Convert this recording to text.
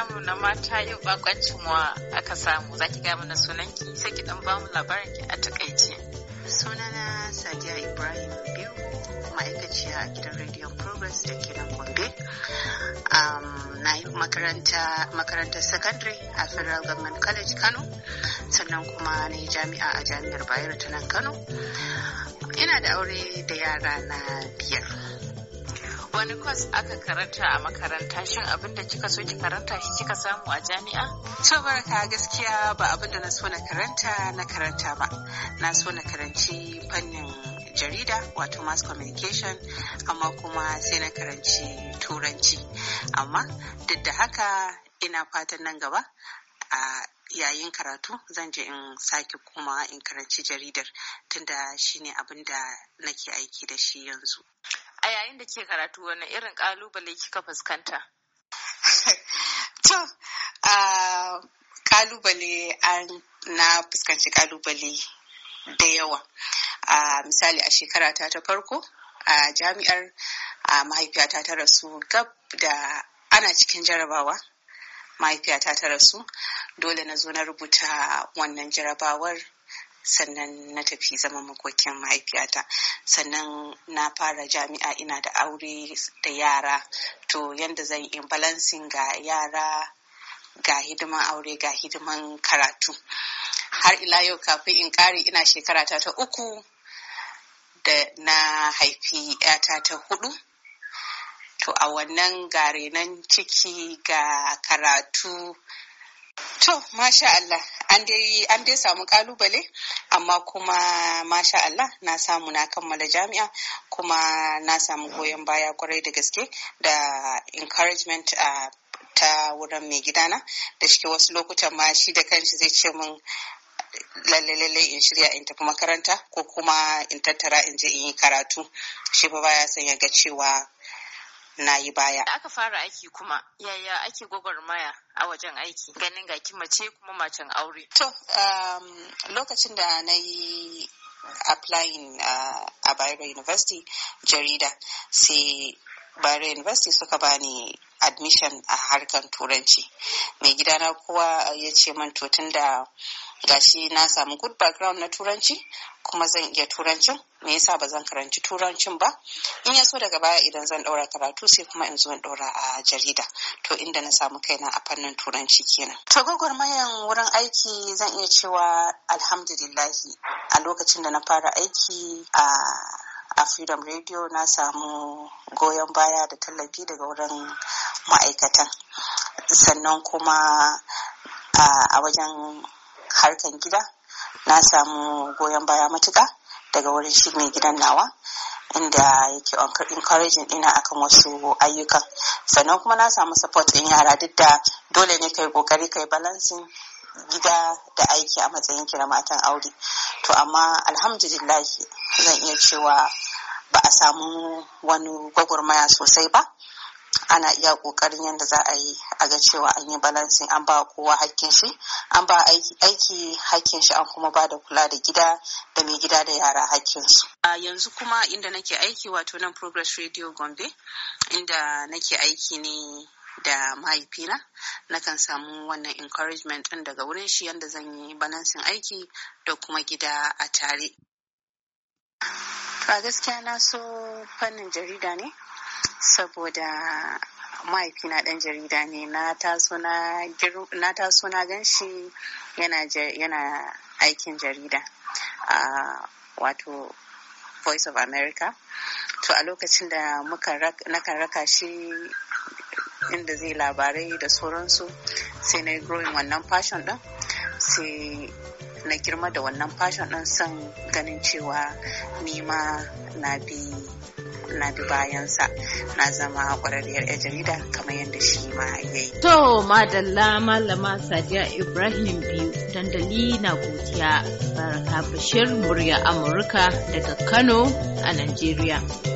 namu na mata yau bakwancin mu aka samu zaki ki mana sunanki sai ki dan bamu labarin ki a takaice. Sunana Sadiya Ibrahim biyu ma'aikaciya a gidan Radio Progress da ke nan Gombe. na yi makaranta makarantar secondary a Federal Government College Kano sannan kuma na yi jami'a a jami'ar Bayero ta nan Kano. Ina da aure da yara na biyar. wani kwas aka karanta a makaranta shin abin da kika so ki karanta shi kika samu a jami'a? To baraka gaskiya ba abin da na so na karanta na karanta ba. Na so na karanci fannin jarida wato mass communication amma kuma sai na karanci turanci. Amma duk da haka ina fatan nan gaba a yayin karatu zan je in sake kuma in karanci jaridar tunda shine abin da nake aiki da shi yanzu. yayin da ke karatu wani irin kalubale kika fuskanta to kalubale na fuskanci kalubale da yawa misali a shekara ta ta farko a jami'ar mahaifiyata ta rasu gab da ana cikin jarabawa mahaifiyata ta rasu dole na zo na rubuta wannan jarabawar sannan na tafi zama makokin mahaifiyata sannan na fara jami'a ina da aure da yara to yadda zan yi balancing ga yara ga hidiman aure ga hidiman karatu har ila yau kafin in kare ina shekara ta ta uku da na haifi yata ta hudu to a wannan gare nan ciki ga karatu To, masha Allah, an dai samu kalubale, amma kuma masha Allah na samu na kammala jami'a kuma na samu goyon baya kwarai da gaske da encouragement a ta wurin mai gidana da shi wasu lokutan ma shi da kanshi zai ce mun lalle lalle in shirya in tafi makaranta ko kuma in tattara in je in yi karatu shi ba baya son ya ga cewa na yi baya. Da aka fara aiki kuma yaya ake gwagwarmaya a wajen aiki ganin ga mace kuma macen aure. To um, lokacin da na yi applying uh, a Bayero University jarida sai Bayero University suka bani admission a harkar turanci. Mai gidana kowa ya ce man tun da gashi na samu good background na turanci kuma zan iya turancin me yasa ba zan karanci turancin ba in ya so daga baya idan zan daura karatu sai kuma in zo in daura a jarida to inda na samu kaina a fannin turanci kenan to gwagwarmayan wurin aiki zan iya cewa alhamdulillahi a lokacin da na fara aiki a a freedom radio na samu goyon baya da tallafi daga wurin ma'aikatan sannan kuma a wajen harkan gida na samu goyon baya matuka daga wurin shi mai gidan nawa inda yake encouraging ina akan wasu ayyukan sannan kuma na samu support in yara duk da dole ne kai kokari kai balancing gida da aiki a matsayin kira matan aure to amma alhamdulillah zan iya cewa ba a samu wani gwagwarmaya sosai ba ana iya kokarin yadda za a yi a ga cewa an yi balansin an ba kowa hakkin shi an ba aiki hakkin shi an kuma ba da kula da gida da mai gida da yara hakkin su a yanzu kuma inda nake aiki wato nan progress radio gombe inda nake aiki ne da mahaifina na kan samu wannan encouragement ɗin daga wurin shi yadda zan yi balansin aiki da kuma gida a tare to a gaskiya na so fannin jarida ne saboda mahaifina ɗan jarida ne na taso na gan shi yana aikin jarida a wato voice of america to a lokacin da nakan raka shi inda zai labarai da sauransu sai na growing wannan fashion ɗin sai na girma da wannan fashion ɗin son ganin cewa nima na bi na bi bayansa na zama kwararriyar 'yan jarida kamar yadda shi ma ya yi. To madalla malama Sadiya Ibrahim biyu dandali na godiya Baraka Bashir murya Amurka daga Kano a Najeriya.